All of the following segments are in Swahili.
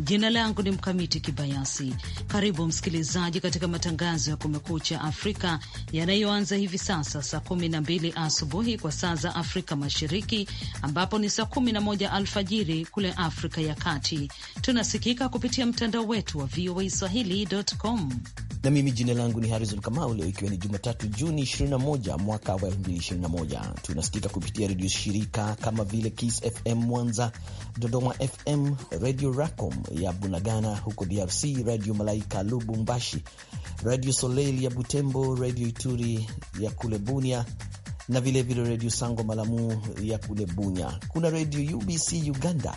Jina langu ni Mkamiti Kibayasi. Karibu msikilizaji katika matangazo ya Kumekucha Afrika yanayoanza hivi sasa saa kumi na mbili asubuhi kwa saa za Afrika Mashariki, ambapo ni saa kumi na moja alfajiri kule Afrika ya Kati. Tunasikika kupitia mtandao wetu wa VOA Swahili.com na mimi jina langu ni Harizon Kamau. Leo ikiwa ni Jumatatu, Juni 21 mwaka wa 2021, tunasikika kupitia redio shirika kama vile Kiss FM Mwanza, Dodoma FM, Radio Racom ya Bunagana huko DRC, Radio Malaika Lubumbashi, Radio Soleil ya Butembo, Radio Ituri ya kule Bunia na vilevile Redio Sango Malamu ya kule Bunya. Kuna Redio UBC Uganda,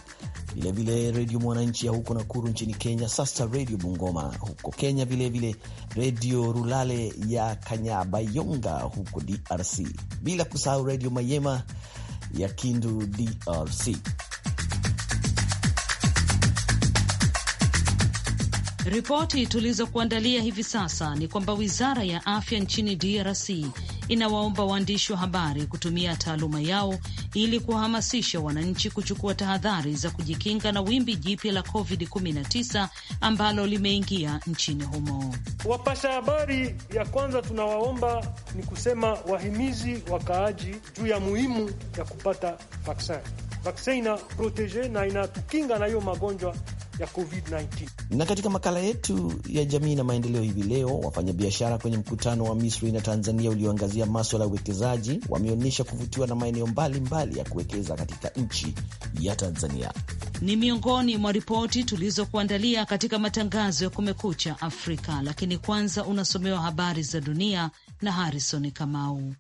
vilevile Redio Mwananchi ya huko Nakuru nchini Kenya, sasa Redio Bungoma huko Kenya, vilevile Redio Rulale ya Kanyabayonga huko DRC, bila kusahau Redio Mayema ya Kindu, DRC. Ripoti tulizokuandalia hivi sasa ni kwamba wizara ya afya nchini DRC inawaomba waandishi wa habari kutumia taaluma yao ili kuwahamasisha wananchi kuchukua tahadhari za kujikinga na wimbi jipya la COVID-19 ambalo limeingia nchini humo. Wapasha habari ya kwanza tunawaomba ni kusema wahimizi wakaaji juu ya muhimu ya kupata vaksin. Vaksin ina protege na inatukinga na hiyo magonjwa ya COVID-19. Na katika makala yetu ya jamii na maendeleo hivi leo, wafanyabiashara kwenye mkutano wa Misri na Tanzania ulioangazia kuangazia maswala ya uwekezaji wameonyesha kuvutiwa na maeneo mbalimbali ya kuwekeza katika nchi ya Tanzania. Ni miongoni mwa ripoti tulizokuandalia katika matangazo ya Kumekucha Afrika, lakini kwanza unasomewa habari za dunia na Harrison Kamau.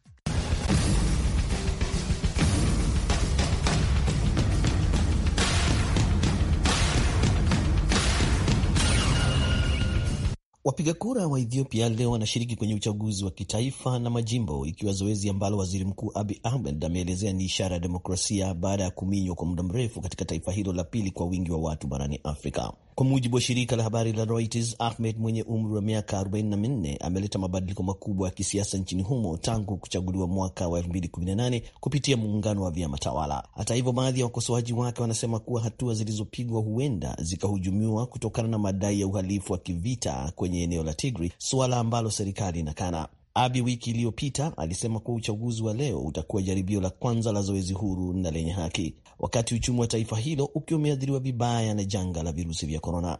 Wapiga kura wa Ethiopia leo wanashiriki kwenye uchaguzi wa kitaifa na majimbo, ikiwa zoezi ambalo waziri mkuu abi Ahmed ameelezea ni ishara ya demokrasia baada ya kuminywa kwa muda mrefu katika taifa hilo la pili kwa wingi wa watu barani Afrika. Kwa mujibu wa shirika la habari la Reuters, Ahmed mwenye umri wa miaka 44 ameleta mabadiliko makubwa ya kisiasa nchini humo tangu kuchaguliwa mwaka wa 2018 kupitia muungano wa vyama tawala. Hata hivyo, baadhi ya wakosoaji wake wanasema kuwa hatua zilizopigwa huenda zikahujumiwa kutokana na madai ya uhalifu wa kivita kwenye kwenye eneo la tigri suala ambalo serikali inakana. Abi wiki iliyopita alisema kuwa uchaguzi wa leo utakuwa jaribio la kwanza la zoezi huru na lenye haki, wakati uchumi wa taifa hilo ukiwa umeathiriwa vibaya na janga la virusi vya korona.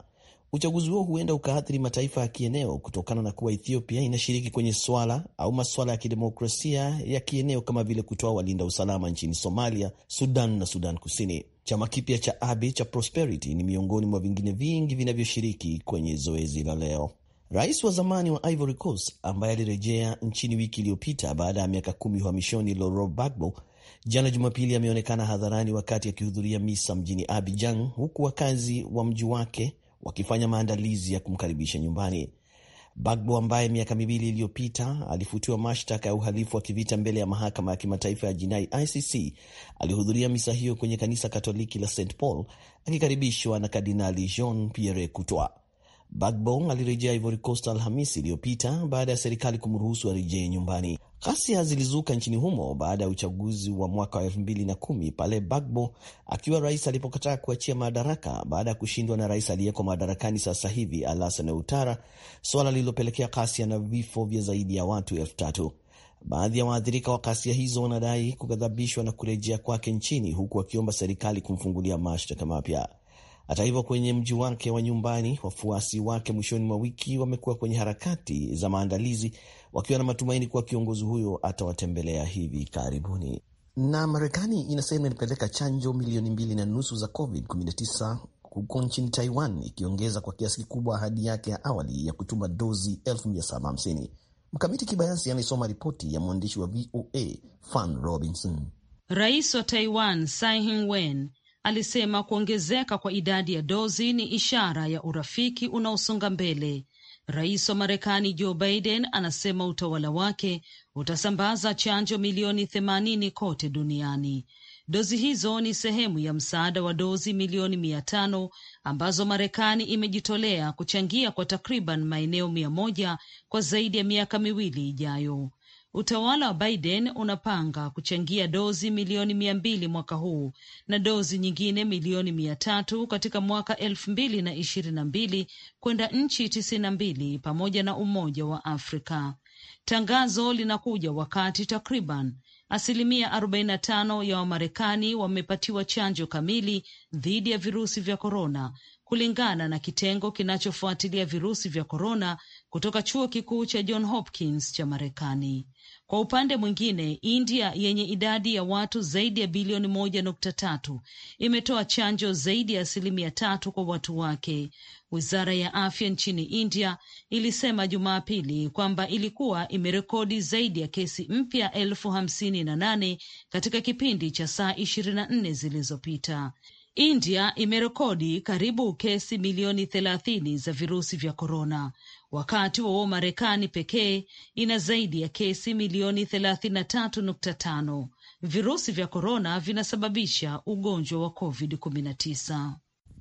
Uchaguzi huo huenda ukaathiri mataifa ya kieneo kutokana na kuwa Ethiopia inashiriki kwenye swala au maswala ya kidemokrasia ya kieneo kama vile kutoa walinda usalama nchini Somalia, Sudan na Sudan Kusini. Chama kipya cha Abi cha Prosperity ni miongoni mwa vingine vingi vinavyoshiriki kwenye zoezi la leo. Rais wa zamani wa Ivory Coast ambaye alirejea nchini wiki iliyopita baada ya miaka kumi uhamishoni, Laurent Gbagbo jana Jumapili ameonekana hadharani wakati akihudhuria misa mjini Abidjan, huku wakazi wa mji wake wakifanya maandalizi ya kumkaribisha nyumbani. Bagbo ambaye miaka miwili iliyopita alifutiwa mashtaka ya uhalifu wa kivita mbele ya mahakama ya kimataifa ya jinai ICC alihudhuria misa hiyo kwenye kanisa Katoliki la St Paul akikaribishwa na Kardinali Jean Pierre Coutois. Gbagbo alirejea Ivory Coast Alhamisi iliyopita baada ya serikali kumruhusu arejee nyumbani. Ghasia zilizuka nchini humo baada ya uchaguzi wa mwaka wa elfu mbili na kumi pale Bagbo akiwa rais alipokataa kuachia madaraka baada ya kushindwa na rais aliyeko madarakani sasa hivi Alassane Ouattara, suala lililopelekea ghasia na vifo vya zaidi ya watu elfu tatu. Baadhi ya waathirika wa ghasia hizo wanadai kughadhabishwa na kurejea kwake nchini, huku wakiomba serikali kumfungulia mashtaka mapya. Hata hivyo, kwenye mji wake wa nyumbani, wafuasi wake mwishoni mwa wiki wamekuwa kwenye harakati za maandalizi, wakiwa na matumaini kuwa kiongozi huyo atawatembelea hivi karibuni. Na Marekani inasema inapeleka chanjo milioni mbili na nusu za COVID-19 huko nchini Taiwan, ikiongeza kwa kiasi kikubwa ahadi yake ya awali ya kutuma dozi 750. Mkamiti Kibayasi anaisoma ripoti ya mwandishi wa VOA Fan Robinson. Rais wa Taiwan Tsai Ing-wen alisema kuongezeka kwa idadi ya dozi ni ishara ya urafiki unaosonga mbele. Rais wa Marekani Joe Biden anasema utawala wake utasambaza chanjo milioni themanini kote duniani. Dozi hizo ni sehemu ya msaada wa dozi milioni mia tano ambazo Marekani imejitolea kuchangia kwa takriban maeneo mia moja kwa zaidi ya miaka miwili ijayo. Utawala wa Biden unapanga kuchangia dozi milioni mia mbili mwaka huu na dozi nyingine milioni mia tatu katika mwaka elfu mbili na ishirini na mbili kwenda nchi tisini na mbili pamoja na Umoja wa Afrika. Tangazo linakuja wakati takriban asilimia 45 ya Wamarekani wamepatiwa chanjo kamili dhidi ya virusi vya korona, kulingana na kitengo kinachofuatilia virusi vya korona kutoka chuo kikuu cha John Hopkins cha Marekani. Kwa upande mwingine, India yenye idadi ya watu zaidi ya bilioni moja nukta tatu imetoa chanjo zaidi ya asilimia tatu kwa watu wake. Wizara ya afya nchini India ilisema Jumapili kwamba ilikuwa imerekodi zaidi ya kesi mpya elfu hamsini na nane katika kipindi cha saa ishirini na nne zilizopita. India imerekodi karibu kesi milioni thelathini za virusi vya korona, wakati uo Marekani pekee ina zaidi ya kesi milioni thelathini na tatu nukta tano. Virusi vya korona vinasababisha ugonjwa wa COVID-19.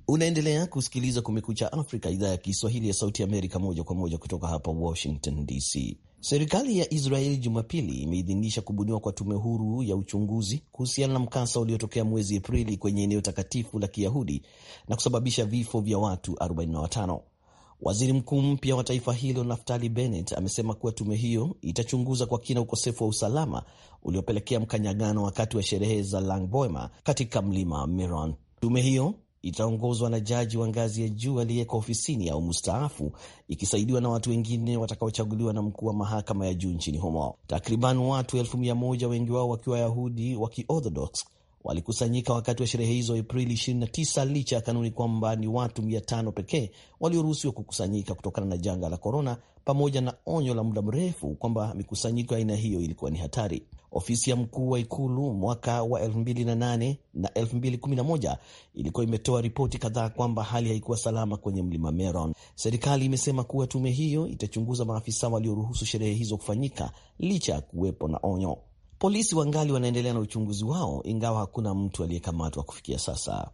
Unaendelea kusikiliza Kumekucha Afrika, idhaa ya Kiswahili ya Sauti Amerika, moja kwa moja kutoka hapa Washington DC. Serikali ya Israeli Jumapili imeidhinisha kubuniwa kwa tume huru ya uchunguzi kuhusiana na mkasa uliotokea mwezi Aprili kwenye eneo takatifu la Kiyahudi na kusababisha vifo vya watu 45. Waziri mkuu mpya wa taifa hilo Naftali Bennett amesema kuwa tume hiyo itachunguza kwa kina ukosefu wa usalama uliopelekea mkanyagano wakati wa sherehe za Langboema katika mlima Meron. Tume hiyo itaongozwa na jaji wa ngazi ya juu aliyeko ofisini au mustaafu, ikisaidiwa na watu wengine watakaochaguliwa na mkuu wa mahakama ya juu nchini humo. Takriban watu elfu mia moja, wengi wao wakiwa Wayahudi wa Kiorthodox, walikusanyika wakati wa sherehe hizo Aprili 29 licha ya kanuni kwamba ni watu 500 pekee walioruhusiwa kukusanyika kutokana na janga la korona, pamoja na onyo la muda mrefu kwamba mikusanyiko ya aina hiyo ilikuwa ni hatari. Ofisi ya mkuu wa ikulu mwaka wa 2008 na 2011 ilikuwa imetoa ripoti kadhaa kwamba hali haikuwa salama kwenye mlima Meron. Serikali imesema kuwa tume hiyo itachunguza maafisa walioruhusu sherehe hizo kufanyika licha ya kuwepo na onyo. Polisi wangali wanaendelea na uchunguzi wao, ingawa hakuna mtu aliyekamatwa kufikia sasa.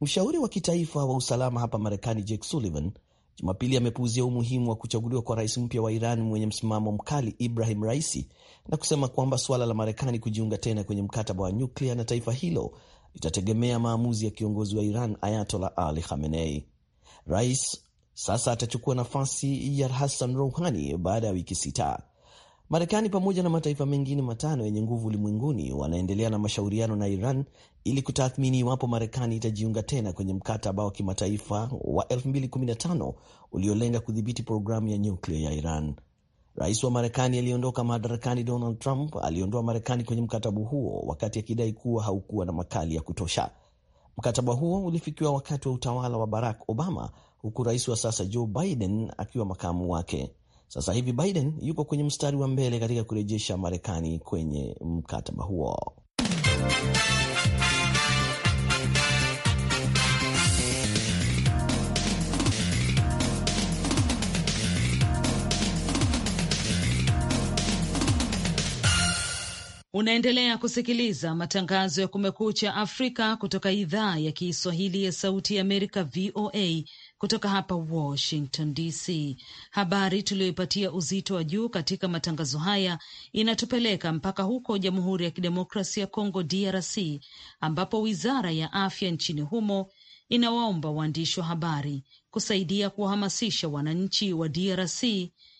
Mshauri wa kitaifa wa usalama hapa Marekani Jake Sullivan Jumapili amepuuzia umuhimu wa kuchaguliwa kwa rais mpya wa Iran mwenye msimamo mkali Ibrahim Raisi na kusema kwamba suala la Marekani kujiunga tena kwenye mkataba wa nyuklia na taifa hilo litategemea maamuzi ya kiongozi wa Iran Ayatollah Ali Khamenei. Rais sasa atachukua nafasi ya Hassan Rouhani baada ya wiki sita. Marekani pamoja na mataifa mengine matano yenye nguvu ulimwenguni wanaendelea na mashauriano na Iran ili kutathmini iwapo Marekani itajiunga tena kwenye mkataba wa kimataifa wa 2015 uliolenga kudhibiti programu ya nyuklia ya Iran. Rais wa Marekani aliyeondoka madarakani Donald Trump aliondoa Marekani kwenye mkataba huo wakati akidai kuwa haukuwa na makali ya kutosha. Mkataba huo ulifikiwa wakati wa utawala wa Barack Obama, huku rais wa sasa Joe Biden akiwa makamu wake. Sasa hivi Biden yuko kwenye mstari wa mbele katika kurejesha Marekani kwenye mkataba huo. Unaendelea kusikiliza matangazo ya Kumekucha Afrika kutoka idhaa ya Kiswahili ya Sauti ya Amerika, VOA kutoka hapa Washington DC, habari tuliyoipatia uzito wa juu katika matangazo haya inatupeleka mpaka huko Jamhuri ya Kidemokrasia ya Kongo, DRC, ambapo wizara ya afya nchini humo inawaomba waandishi wa habari kusaidia kuwahamasisha wananchi wa DRC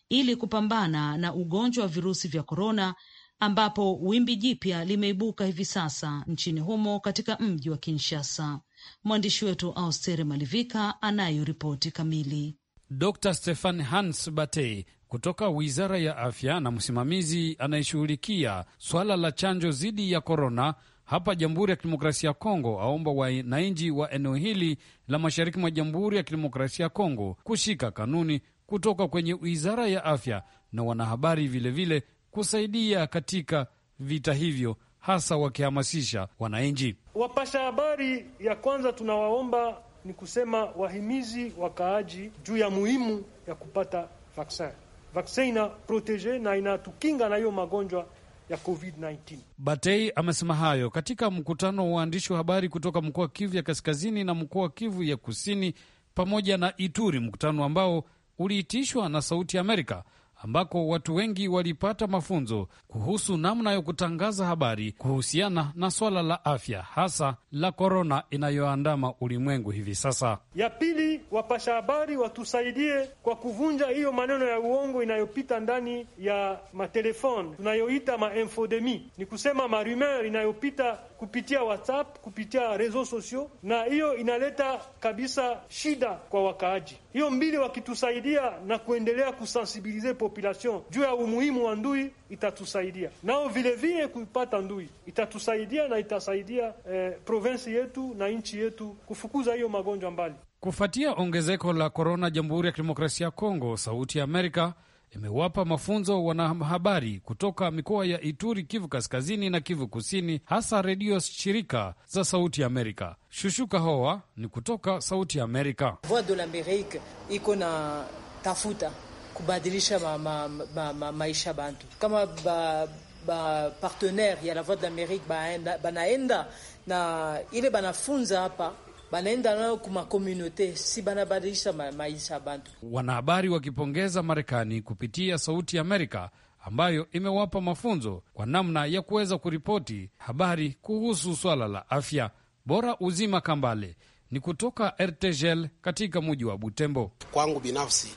ili kupambana na ugonjwa wa virusi vya korona, ambapo wimbi jipya limeibuka hivi sasa nchini humo katika mji wa Kinshasa. Mwandishi wetu Austere Malivika anayo ripoti kamili. Dr Stefan Hans Bate kutoka wizara ya afya na msimamizi anayeshughulikia swala la chanjo dhidi ya korona hapa Jamhuri ya Kidemokrasia ya Kongo aomba wananchi wa eneo hili la mashariki mwa Jamhuri ya Kidemokrasia ya Kongo kushika kanuni kutoka kwenye wizara ya afya na wanahabari vilevile vile kusaidia katika vita hivyo hasa wakihamasisha wananchi. Wapasha habari ya kwanza tunawaomba ni kusema wahimizi wakaaji juu ya muhimu ya kupata vaksin. Vaksin ina protege na inatukinga na hiyo magonjwa ya COVID-19. Batei amesema hayo katika mkutano wa waandishi wa habari kutoka mkoa wa Kivu ya Kaskazini na mkoa wa Kivu ya Kusini pamoja na Ituri, mkutano ambao uliitishwa na Sauti ya Amerika ambako watu wengi walipata mafunzo kuhusu namna ya kutangaza habari kuhusiana na swala la afya hasa la korona inayoandama ulimwengu hivi sasa. Ya pili, wapasha habari watusaidie kwa kuvunja hiyo maneno ya uongo inayopita ndani ya matelefoni tunayoita mainfodemi, ni kusema marumer inayopita kupitia WhatsApp, kupitia rezo sosio, na hiyo inaleta kabisa shida kwa wakaaji. Hiyo mbili wakitusaidia na kuendelea kusensibilize population juu ya umuhimu wa ndui itatusaidia nao vilevile kuipata ndui itatusaidia na itasaidia eh, provensi yetu na nchi yetu kufukuza hiyo magonjwa mbali. Kufuatia ongezeko la korona Jamhuri ya Kidemokrasia ya Kongo, Sauti ya Amerika imewapa mafunzo wanahabari kutoka mikoa ya Ituri, Kivu Kaskazini na Kivu Kusini, hasa redio shirika za Sauti Amerika. Shushuka Howa ni kutoka Sauti Amerika. Voix de l'Amerique iko na tafuta kubadilisha ma, ma, ma, ma, maisha bantu kama ba, ba partenaire ya la Voix d'Amerique banaenda ba na ile banafunza hapa banaenda nayo kuma komunote si banabadilisha ma, maisha bantu. Wanahabari wakipongeza Marekani kupitia Sauti ya Amerika ambayo imewapa mafunzo kwa namna ya kuweza kuripoti habari kuhusu swala la afya bora. Uzima Kambale ni kutoka RTGL katika muji wa Butembo. Kwangu binafsi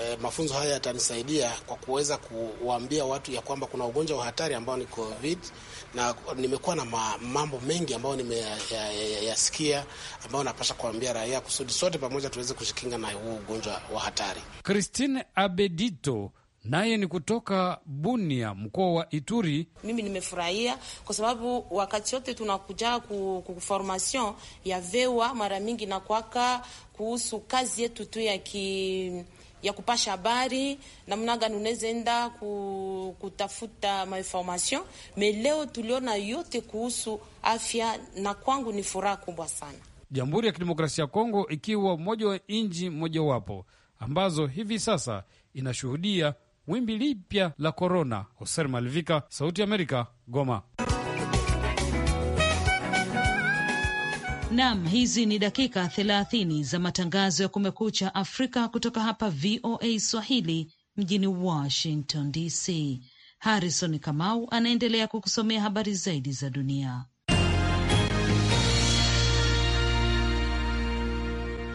eh, mafunzo haya yatanisaidia kwa kuweza kuwaambia watu ya kwamba kuna ugonjwa wa hatari ambao ni COVID, na nimekuwa na mambo mengi ambayo nimeyasikia ambayo napasha kuambia raia kusudi sote pamoja tuweze kujikinga na huu ugonjwa wa hatari. Christine Abedito naye ni kutoka Bunia, mkoa wa Ituri. Mimi nimefurahia kwa sababu wakati yote tunakuja kuformasion ya vewa, mara mingi nakwaka kuhusu kazi yetu tu ya ki ya kupasha habari namna gani unaweza ku, kutafuta mainformation. Me leo tuliona yote kuhusu afya, na kwangu ni furaha kubwa sana. Jamhuri ya Kidemokrasia ya Kongo ikiwa mmoja wa nchi mmojawapo ambazo hivi sasa inashuhudia wimbi lipya la korona. Hoser Malvika, Sauti ya Amerika, Goma. nam hizi ni dakika thelathini za matangazo ya Kumekucha Afrika kutoka hapa VOA Swahili mjini Washington DC. Harrison Kamau anaendelea kukusomea habari zaidi za dunia.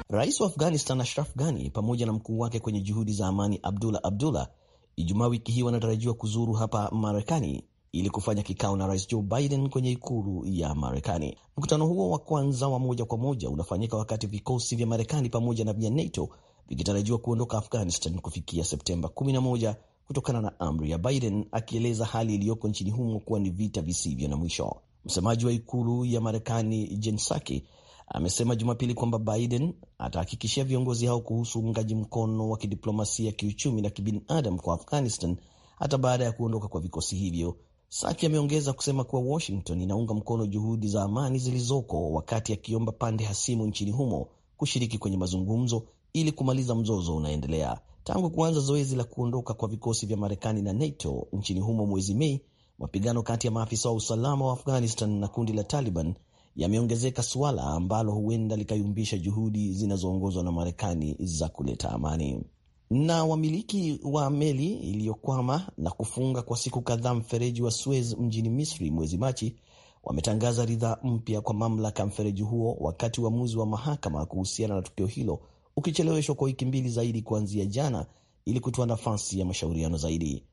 Rais wa Afghanistan Ashraf Ghani pamoja na mkuu wake kwenye juhudi za amani Abdullah Abdullah Ijumaa wiki hii wanatarajiwa kuzuru hapa Marekani ili kufanya kikao na rais Joe Biden kwenye ikulu ya Marekani. Mkutano huo wa kwanza wa moja kwa moja unafanyika wakati vikosi vya Marekani pamoja na vya NATO vikitarajiwa kuondoka Afghanistan kufikia Septemba 11 kutokana na amri ya Biden, akieleza hali iliyoko nchini humo kuwa ni vita visivyo na mwisho. Msemaji wa ikulu ya Marekani Jen Psaki amesema Jumapili kwamba Biden atahakikishia viongozi hao kuhusu uungaji mkono wa kidiplomasia, kiuchumi na kibinadamu kwa Afghanistan hata baada ya kuondoka kwa vikosi hivyo Saki ameongeza kusema kuwa Washington inaunga mkono juhudi za amani zilizoko, wakati akiomba pande hasimu nchini humo kushiriki kwenye mazungumzo ili kumaliza mzozo unaendelea. Tangu kuanza zoezi la kuondoka kwa vikosi vya Marekani na NATO nchini humo mwezi Mei, mapigano kati ya maafisa wa usalama wa Afghanistan na kundi la Taliban yameongezeka, suala ambalo huenda likayumbisha juhudi zinazoongozwa na Marekani za kuleta amani na wamiliki wa meli iliyokwama na kufunga kwa siku kadhaa mfereji wa Suez mjini Misri mwezi Machi wametangaza ridhaa mpya kwa mamlaka ya mfereji huo, wakati uamuzi wa, wa mahakama kuhusiana na tukio hilo ukicheleweshwa kwa wiki mbili zaidi kuanzia jana ili kutoa nafasi ya mashauriano zaidi.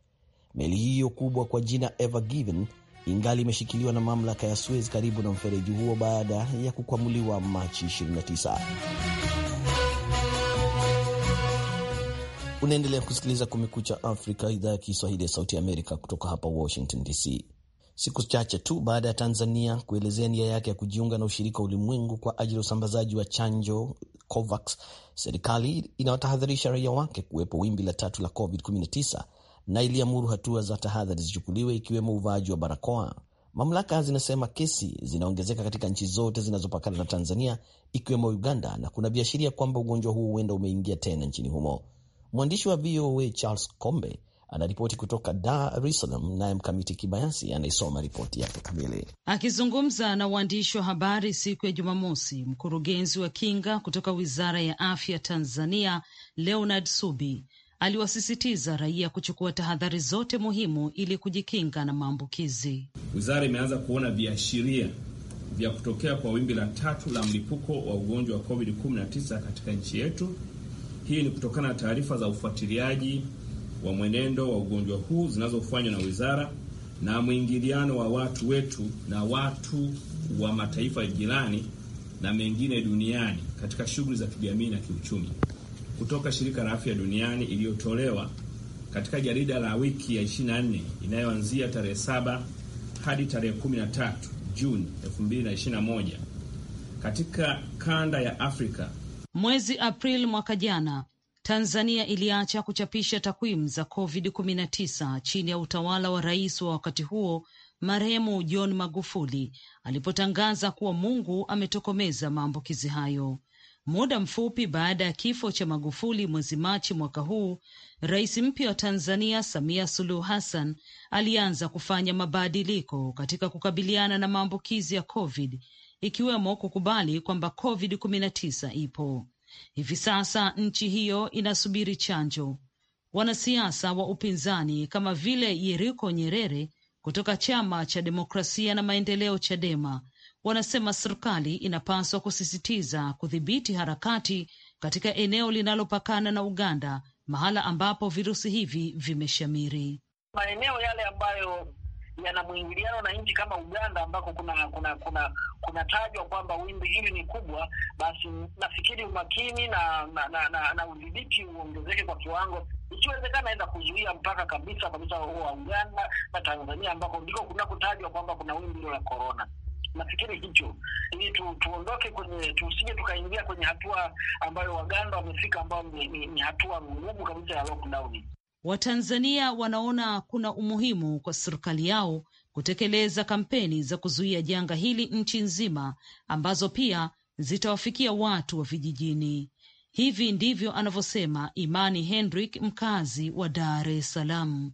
Meli hiyo kubwa kwa jina Ever Given ingali imeshikiliwa na mamlaka ya Suez karibu na mfereji huo baada ya kukwamuliwa Machi 29. Unaendelea kusikiliza Kumekucha Afrika, idhaa ya Kiswahili ya Sauti Amerika kutoka hapa Washington DC. Siku chache tu baada ya Tanzania kuelezea nia yake ya kujiunga na ushirika wa ulimwengu kwa ajili ya usambazaji wa chanjo COVAX, serikali inawatahadharisha raia wake kuwepo wimbi la tatu la COVID-19 na iliamuru hatua za tahadhari zichukuliwe, ikiwemo uvaaji wa barakoa. Mamlaka zinasema kesi zinaongezeka katika nchi zote zinazopakana na Tanzania, ikiwemo Uganda, na kuna viashiria kwamba ugonjwa huu huenda umeingia tena nchini humo. Mwandishi wa VOA Charles Kombe anaripoti kutoka Dar es Salaam, naye Mkamiti Kibayasi anayesoma ripoti yake kamili. Akizungumza na waandishi wa habari siku ya Jumamosi, mkurugenzi wa kinga kutoka wizara ya afya Tanzania Leonard Subi aliwasisitiza raia kuchukua tahadhari zote muhimu ili kujikinga na maambukizi. Wizara imeanza kuona viashiria vya kutokea kwa wimbi la tatu la mlipuko wa ugonjwa wa COVID-19 katika nchi yetu hii ni kutokana na taarifa za ufuatiliaji wa mwenendo wa ugonjwa huu zinazofanywa na wizara na mwingiliano wa watu wetu na watu wa mataifa jirani na mengine duniani katika shughuli za kijamii na kiuchumi, kutoka shirika la afya duniani iliyotolewa katika jarida la wiki ya 24 inayoanzia tarehe 7 hadi tarehe 13 Juni 2021 katika kanda ya Afrika Mwezi Aprili mwaka jana Tanzania iliacha kuchapisha takwimu za COVID-19 chini ya utawala wa rais wa wakati huo marehemu John Magufuli alipotangaza kuwa Mungu ametokomeza maambukizi hayo. Muda mfupi baada ya kifo cha Magufuli mwezi Machi mwaka huu, rais mpya wa Tanzania Samia Suluhu Hassan alianza kufanya mabadiliko katika kukabiliana na maambukizi ya COVID ikiwemo kukubali kwamba COVID-19 ipo. Hivi sasa nchi hiyo inasubiri chanjo. Wanasiasa wa upinzani kama vile Yeriko Nyerere kutoka chama cha demokrasia na maendeleo Chadema wanasema serikali inapaswa kusisitiza kudhibiti harakati katika eneo linalopakana na Uganda, mahala ambapo virusi hivi vimeshamiri. Maeneo yale ambayo yana mwingiliano na nchi kama Uganda ambako kuna kuna kuna kunatajwa kwamba wimbi hili ni kubwa, basi nafikiri umakini na na na, na, na udhibiti uongezeke kwa kiwango ikiwezekana aenda kuzuia mpaka kabisa kabisa huo wa Uganda na Tanzania ambako ndiko kunakotajwa kwamba kuna wimbi hilo la corona. Nafikiri hicho ili tu, tuondoke kwenye tusije tukaingia kwenye hatua ambayo Waganda wamefika ambayo ni, ni, ni hatua ngumu kabisa ya lockdown. Watanzania wanaona kuna umuhimu kwa serikali yao kutekeleza kampeni za kuzuia janga hili nchi nzima ambazo pia zitawafikia watu wa vijijini. Hivi ndivyo anavyosema Imani Hendrik, mkazi wa Dar es Salaam.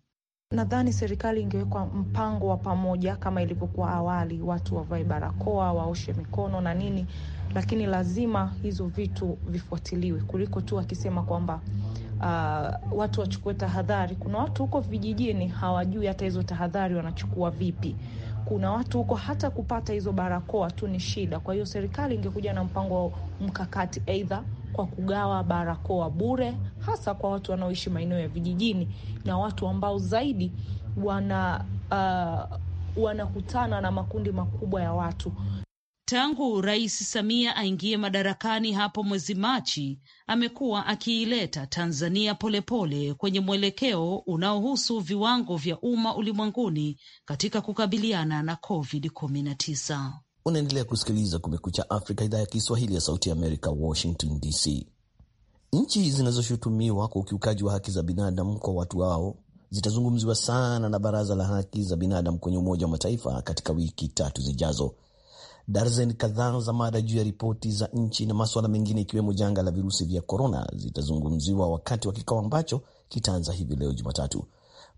Nadhani serikali ingewekwa mpango wa pamoja kama ilivyokuwa awali, watu wavae barakoa, waoshe mikono na nini, lakini lazima hizo vitu vifuatiliwe kuliko tu akisema kwamba uh, watu wachukue tahadhari. Kuna watu huko vijijini hawajui hata hizo tahadhari wanachukua vipi. Kuna watu huko hata kupata hizo barakoa tu ni shida. Kwa hiyo serikali ingekuja na mpango mkakati, aidha kwa kugawa barakoa bure, hasa kwa watu wanaoishi maeneo ya vijijini na watu ambao zaidi wana uh, wanakutana na makundi makubwa ya watu. Tangu Rais Samia aingie madarakani hapo mwezi Machi, amekuwa akiileta Tanzania polepole pole kwenye mwelekeo unaohusu viwango vya umma ulimwenguni katika kukabiliana na COVID-19. Unaendelea kusikiliza Kumekucha Afrika, idhaa ya Kiswahili ya Sauti ya Amerika, Washington DC. Nchi zinazoshutumiwa kwa ukiukaji wa haki za binadamu kwa watu wao zitazungumziwa sana na Baraza la Haki za Binadamu kwenye Umoja wa Mataifa katika wiki tatu zijazo Darzen kadhaa za mada juu ya ripoti za nchi na maswala mengine ikiwemo janga la virusi vya korona zitazungumziwa wakati wa kikao ambacho kitaanza hivi leo Jumatatu.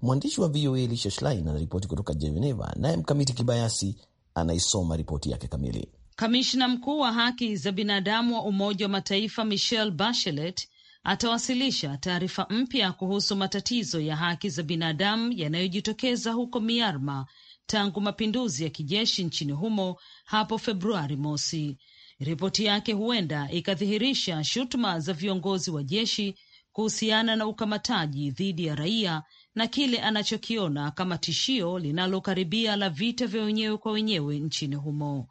Mwandishi wa VOA Elisha Schlein anaripoti kutoka Geneva, naye Mkamiti Kibayasi anaisoma ripoti yake kamili. Kamishna mkuu wa haki za binadamu wa Umoja wa Mataifa Michelle Bachelet atawasilisha taarifa mpya kuhusu matatizo ya haki za binadamu yanayojitokeza huko Myanmar tangu mapinduzi ya kijeshi nchini humo hapo Februari mosi. Ripoti yake huenda ikadhihirisha shutuma za viongozi wa jeshi kuhusiana na ukamataji dhidi ya raia na kile anachokiona kama tishio linalokaribia la vita vya wenyewe kwa wenyewe nchini humo.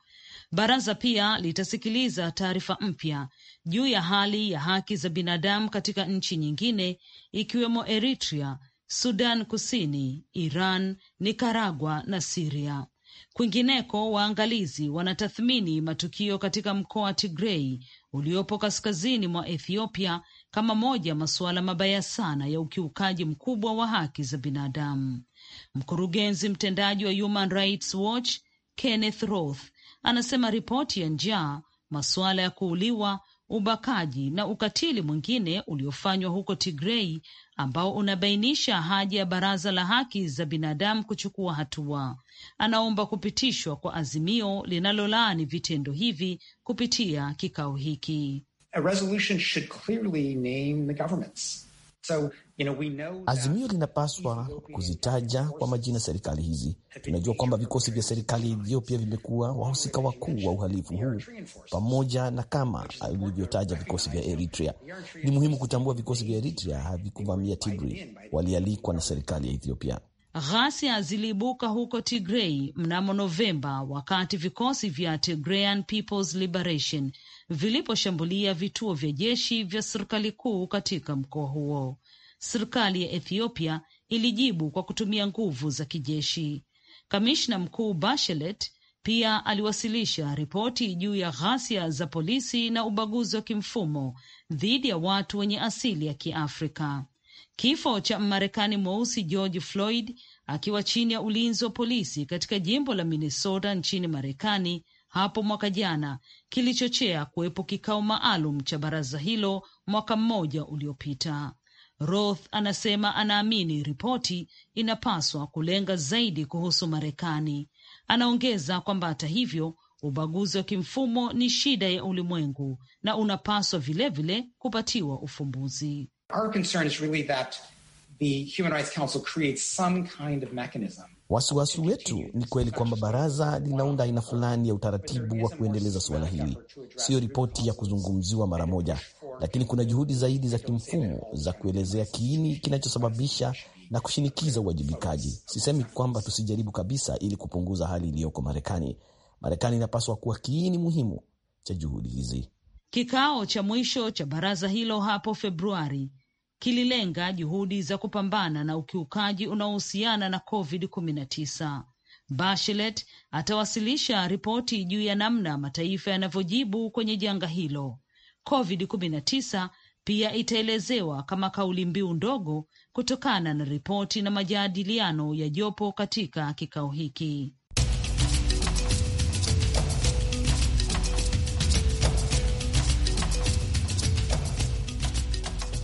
Baraza pia litasikiliza taarifa mpya juu ya hali ya haki za binadamu katika nchi nyingine ikiwemo Eritrea Sudan Kusini, Iran, Nikaragua na Siria. Kwingineko, waangalizi wanatathmini matukio katika mkoa wa Tigrei uliopo kaskazini mwa Ethiopia kama moja ya masuala mabaya sana ya ukiukaji mkubwa wa haki za binadamu. Mkurugenzi mtendaji wa Human Rights Watch Kenneth Roth anasema ripoti ya njaa, masuala ya kuuliwa ubakaji na ukatili mwingine uliofanywa huko Tigrei, ambao unabainisha haja ya Baraza la Haki za Binadamu kuchukua hatua. Anaomba kupitishwa kwa azimio linalolaani vitendo hivi kupitia kikao hiki. A resolution should clearly name the governments. So Azimio linapaswa kuzitaja kwa majina serikali hizi. Tunajua kwamba vikosi vya serikali ya Ethiopia vimekuwa wahusika wakuu wa uhalifu huu, pamoja na kama alivyotaja vikosi vya Eritrea. Ni muhimu kutambua vikosi vya Eritrea havikuvamia Tigray, walialikwa na serikali ya Ethiopia. Ghasia ziliibuka huko Tigrei mnamo Novemba wakati vikosi vya Tigrayan Peoples Liberation viliposhambulia vituo vya jeshi vya serikali kuu katika mkoa huo serikali ya Ethiopia ilijibu kwa kutumia nguvu za kijeshi. Kamishna mkuu Bachelet pia aliwasilisha ripoti juu ya ghasia za polisi na ubaguzi wa kimfumo dhidi ya watu wenye asili ya Kiafrika. Kifo cha Mmarekani mweusi George Floyd akiwa chini ya ulinzi wa polisi katika jimbo la Minnesota nchini Marekani hapo mwaka jana kilichochea kuwepo kikao maalum cha baraza hilo mwaka mmoja uliopita. Roth anasema anaamini ripoti inapaswa kulenga zaidi kuhusu Marekani. Anaongeza kwamba hata hivyo, ubaguzi wa kimfumo ni shida ya ulimwengu na unapaswa vilevile vile kupatiwa ufumbuzi. Wasiwasi wetu ni kweli kwamba baraza linaunda aina fulani ya utaratibu wa kuendeleza suala hili, siyo ripoti ya kuzungumziwa mara moja lakini kuna juhudi zaidi za kimfumo za kuelezea kiini kinachosababisha na kushinikiza uwajibikaji. Sisemi kwamba tusijaribu kabisa ili kupunguza hali iliyoko Marekani. Marekani inapaswa kuwa kiini muhimu cha juhudi hizi. Kikao cha mwisho cha baraza hilo hapo Februari kililenga juhudi za kupambana na ukiukaji unaohusiana na COVID-19. Bachelet atawasilisha ripoti juu ya namna mataifa yanavyojibu kwenye janga hilo COVID-19 pia itaelezewa kama kauli mbiu ndogo kutokana na ripoti na majadiliano ya jopo katika kikao hiki.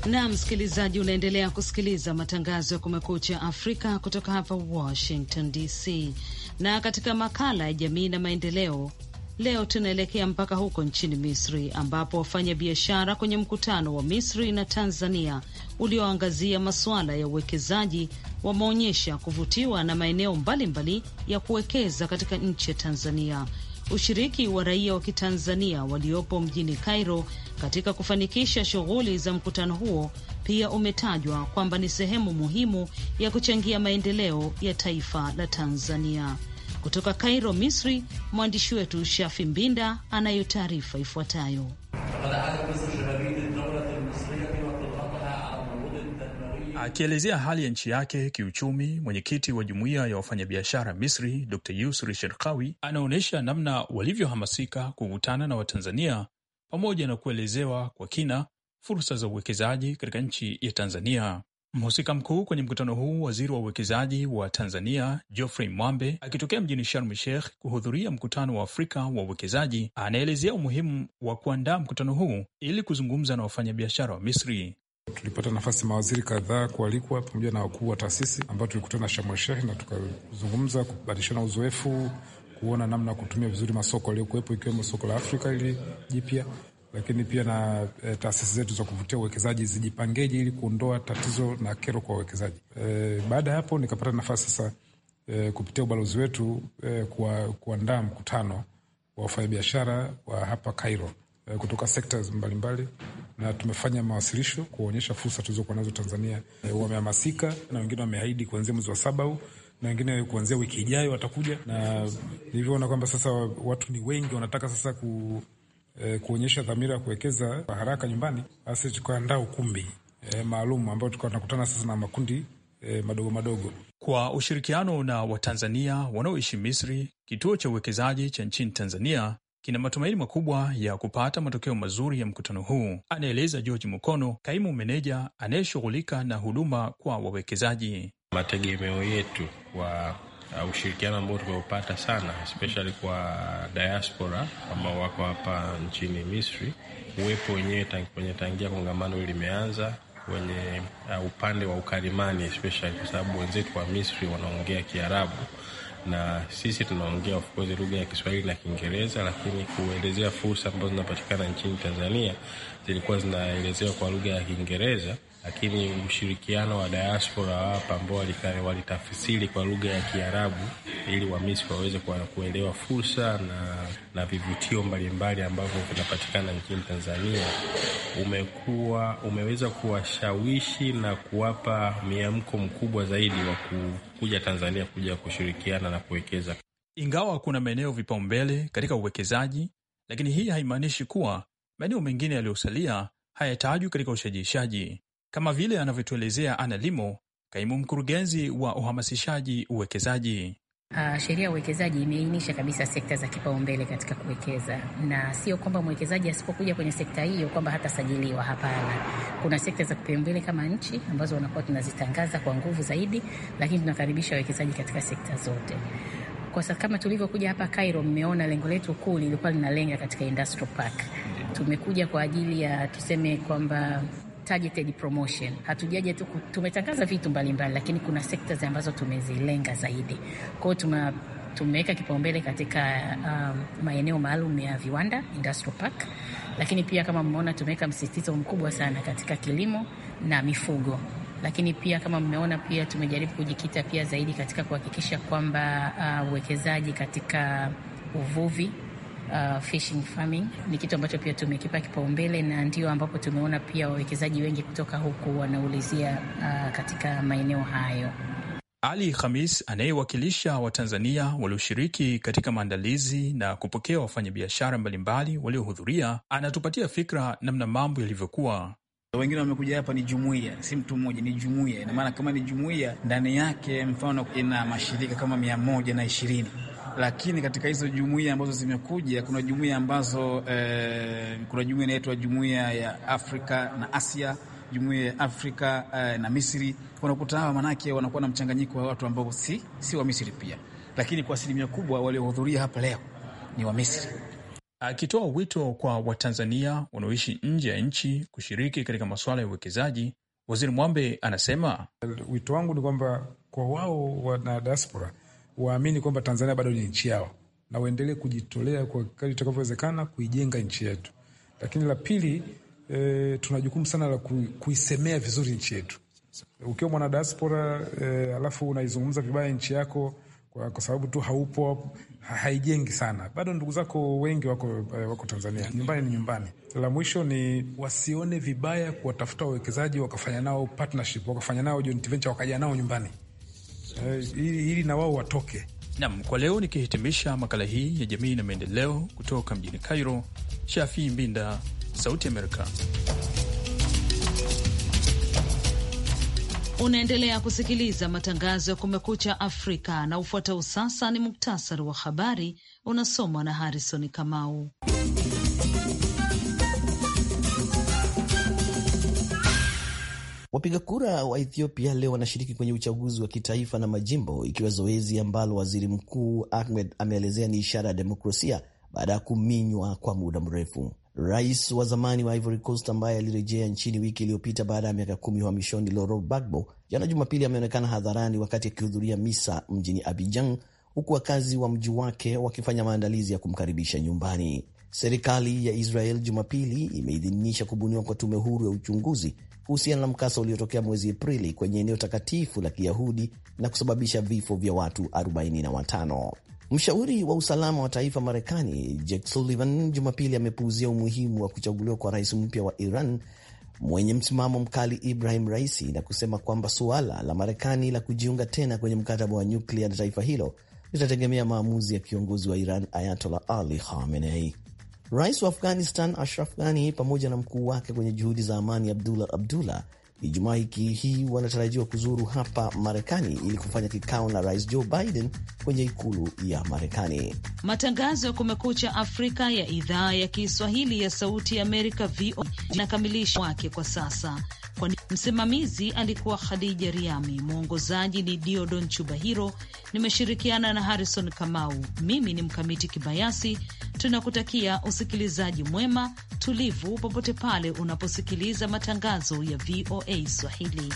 na msikilizaji, unaendelea kusikiliza matangazo ya Kumekucha Afrika kutoka hapa Washington DC. Na katika makala ya jamii na maendeleo, Leo tunaelekea mpaka huko nchini Misri ambapo wafanya biashara kwenye mkutano wa Misri na Tanzania ulioangazia masuala ya uwekezaji wameonyesha kuvutiwa na maeneo mbalimbali ya kuwekeza katika nchi ya Tanzania. Ushiriki wa raia wa Kitanzania waliopo mjini Cairo katika kufanikisha shughuli za mkutano huo pia umetajwa kwamba ni sehemu muhimu ya kuchangia maendeleo ya taifa la Tanzania. Kutoka Kairo, Misri, mwandishi wetu Shafi Mbinda anayo taarifa ifuatayo. Akielezea hali ya nchi yake kiuchumi, mwenyekiti wa jumuiya ya wafanyabiashara Misri Dr Yusri Sherkawi anaonyesha namna walivyohamasika kukutana na Watanzania pamoja na kuelezewa kwa kina fursa za uwekezaji katika nchi ya Tanzania. Mhusika mkuu kwenye mkutano huu waziri wa uwekezaji wa Tanzania Geoffrey Mwambe akitokea mjini Sharm Sheikh kuhudhuria mkutano wa Afrika wa uwekezaji, anaelezea umuhimu wa kuandaa mkutano huu ili kuzungumza na wafanyabiashara wa Misri. Tulipata nafasi mawaziri kadhaa kualikwa pamoja na wakuu wa taasisi ambao tulikutana Sharm El Sheikh na tukazungumza, kubadilishana uzoefu, kuona namna ya kutumia vizuri masoko yaliyokuwepo ikiwemo soko la Afrika ili jipya lakini pia na e, taasisi zetu za kuvutia uwekezaji zijipangeje ili kuondoa tatizo na kero kwa wawekezaji. E, baada ya hapo nikapata nafasi sasa e, kupitia ubalozi wetu e, kuandaa mkutano wa wafanyabiashara wa hapa Cairo e, kutoka sekta mbalimbali na tumefanya mawasilisho kuwaonyesha fursa tulizokuwa nazo Tanzania. E, wamehamasika na wengine wameahidi kuanzia mwezi wa saba huu na wengine kuanzia wiki ijayo watakuja, na nilivyoona kwamba sasa watu ni wengi wanataka sasa ku e, kuonyesha dhamira ya kuwekeza kwa haraka nyumbani, basi tukaandaa ukumbi e, maalum ambao tulikuwa tunakutana sasa na makundi e, madogo madogo kwa ushirikiano na Watanzania wanaoishi Misri. Kituo cha uwekezaji cha nchini Tanzania kina matumaini makubwa ya kupata matokeo mazuri ya mkutano huu, anaeleza George Mukono, kaimu meneja anayeshughulika na huduma kwa wawekezaji. Mategemeo yetu kwa uh, ushirikiano ambao tumeupata sana especially kwa diaspora ambao wako hapa nchini Misri. Uwepo wenyewe kwenye tangia kongamano hili limeanza kwenye uh, upande wa ukalimani especially kwa sababu wenzetu wa Misri wanaongea Kiarabu na sisi tunaongea of course lugha ya Kiswahili na Kiingereza, lakini kuelezea fursa ambazo zinapatikana nchini Tanzania zilikuwa zinaelezewa kwa lugha ya Kiingereza lakini ushirikiano wa diaspora hapa ambao walitafsiri kwa lugha ya Kiarabu ili Wamisri waweze kuelewa fursa na, na vivutio mbalimbali ambavyo vinapatikana nchini Tanzania umekuwa umeweza kuwashawishi na kuwapa miamko mkubwa zaidi wa kuja Tanzania kuja kushirikiana na kuwekeza. Ingawa kuna maeneo vipaumbele katika uwekezaji, lakini hii haimaanishi kuwa maeneo mengine yaliyosalia hayatajwi katika ushajiishaji kama vile anavyotuelezea Ana Limo, kaimu mkurugenzi wa uhamasishaji uwekezaji. Uh, sheria ya uwekezaji imeainisha kabisa sekta za kipaumbele katika kuwekeza, na sio kwamba mwekezaji asipokuja kwenye sekta hiyo kwamba hatasajiliwa. Hapana, kuna sekta za kipaumbele kama nchi ambazo wanakuwa tunazitangaza kwa nguvu zaidi, lakini tunakaribisha wawekezaji katika sekta zote. Kwa sasa kama tulivyokuja hapa Cairo, mmeona lengo letu kuu lilikuwa linalenga katika industrial park. Tumekuja kwa ajili ya tuseme kwamba targeted promotion. Hatujaje tu, tumetangaza vitu mbalimbali mbali, lakini kuna sekta ambazo tumezilenga zaidi. Kwa hiyo tumeweka kipaumbele katika um, maeneo maalum ya viwanda industrial park, lakini pia kama mmeona tumeweka msisitizo mkubwa sana katika kilimo na mifugo lakini pia kama mmeona pia tumejaribu kujikita pia zaidi katika kuhakikisha kwamba uh, uwekezaji uh, katika uvuvi uh, fishing farming ni kitu ambacho pia tumekipa kipaumbele, na ndio ambapo tumeona pia wawekezaji wengi kutoka huku wanaulizia uh, katika maeneo hayo. Ali Khamis anayewakilisha Watanzania walioshiriki katika maandalizi na kupokea wafanyabiashara mbalimbali waliohudhuria, anatupatia fikra namna mambo yalivyokuwa. Wengine wamekuja hapa, ni jumuia si mtu mmoja, ni jumuia Ina maana kama ni jumuia ndani yake mfano ina mashirika kama mia moja na ishirini lakini katika hizo jumuiya ambazo zimekuja kuna jumuiya ambazo eh, kuna jumuiya inaitwa jumuiya ya Afrika na Asia, jumuiya ya Afrika eh, na Misri. Unakuta hawa manake wanakuwa na mchanganyiko wa watu ambao si, si wa Misri pia, lakini kwa asilimia kubwa waliohudhuria hapa leo ni wa Misri. Akitoa wito kwa Watanzania wanaoishi nje ya nchi kushiriki katika masuala ya uwekezaji, Waziri Mwambe anasema wito wangu ni kwamba kwa wao wana diaspora waamini kwamba Tanzania bado ni nchi yao na waendelee kujitolea kwa kadri itakavyowezekana kuijenga nchi yetu. Lakini la pili, e, tuna jukumu sana la kuisemea vizuri nchi yetu ukiwa mwana diaspora e, alafu unaizungumza vibaya nchi yako kwa, kwa sababu tu haupo, haijengi sana bado. Ndugu zako wengi wako, e, wako Tanzania. Nyumbani ni nyumbani. La mwisho ni wasione vibaya kuwatafuta wawekezaji wakafanya nao partnership, wakafanya nao joint venture, wakaja nao nyumbani uh, ili na wao watoke nam. Kwa leo nikihitimisha makala hii ya jamii na maendeleo kutoka mjini Cairo, Shafii Mbinda, Sauti Amerika. Unaendelea kusikiliza matangazo ya Kumekucha Afrika na ufuatao sasa ni muktasari wa habari unasomwa na harisoni Kamau. Wapiga kura wa Ethiopia leo wanashiriki kwenye uchaguzi wa kitaifa na majimbo, ikiwa zoezi ambalo waziri mkuu Ahmed ameelezea ni ishara ya demokrasia baada ya kuminywa kwa muda mrefu. Rais wa zamani wa Ivory Coast ambaye alirejea nchini wiki iliyopita baada ya miaka kumi uhamishoni, Laurent Gbagbo, jana Jumapili ameonekana hadharani wakati akihudhuria misa mjini Abidjan, huku wakazi wa mji wake wakifanya maandalizi ya kumkaribisha nyumbani. Serikali ya Israel Jumapili imeidhinisha kubuniwa kwa tume huru ya uchunguzi kuhusiana na mkasa uliotokea mwezi Aprili kwenye eneo takatifu la Kiyahudi na kusababisha vifo vya watu 45. Mshauri wa usalama wa taifa Marekani Jake Sullivan Jumapili amepuuzia umuhimu wa kuchaguliwa kwa rais mpya wa Iran mwenye msimamo mkali Ibrahim Raisi na kusema kwamba suala la Marekani la kujiunga tena kwenye mkataba wa nyuklia na taifa hilo litategemea maamuzi ya kiongozi wa Iran Ayatollah Ali Khamenei. Rais wa Afghanistan Ashraf Ghani pamoja na mkuu wake kwenye juhudi za amani Abdullah Abdullah Ijumaa wiki hii wanatarajiwa kuzuru hapa Marekani ili kufanya kikao na rais Joe Biden kwenye ikulu ya Marekani. Matangazo ya Kumekucha Afrika ya idhaa ya Kiswahili ya Sauti ya Amerika, VOA, inakamilisha wake kwa sasa kwa Msimamizi alikuwa Khadija Riami, mwongozaji ni Diodon Chubahiro. Nimeshirikiana na Harrison Kamau. Mimi ni Mkamiti Kibayasi. Tunakutakia usikilizaji mwema, tulivu, popote pale unaposikiliza matangazo ya VOA Swahili.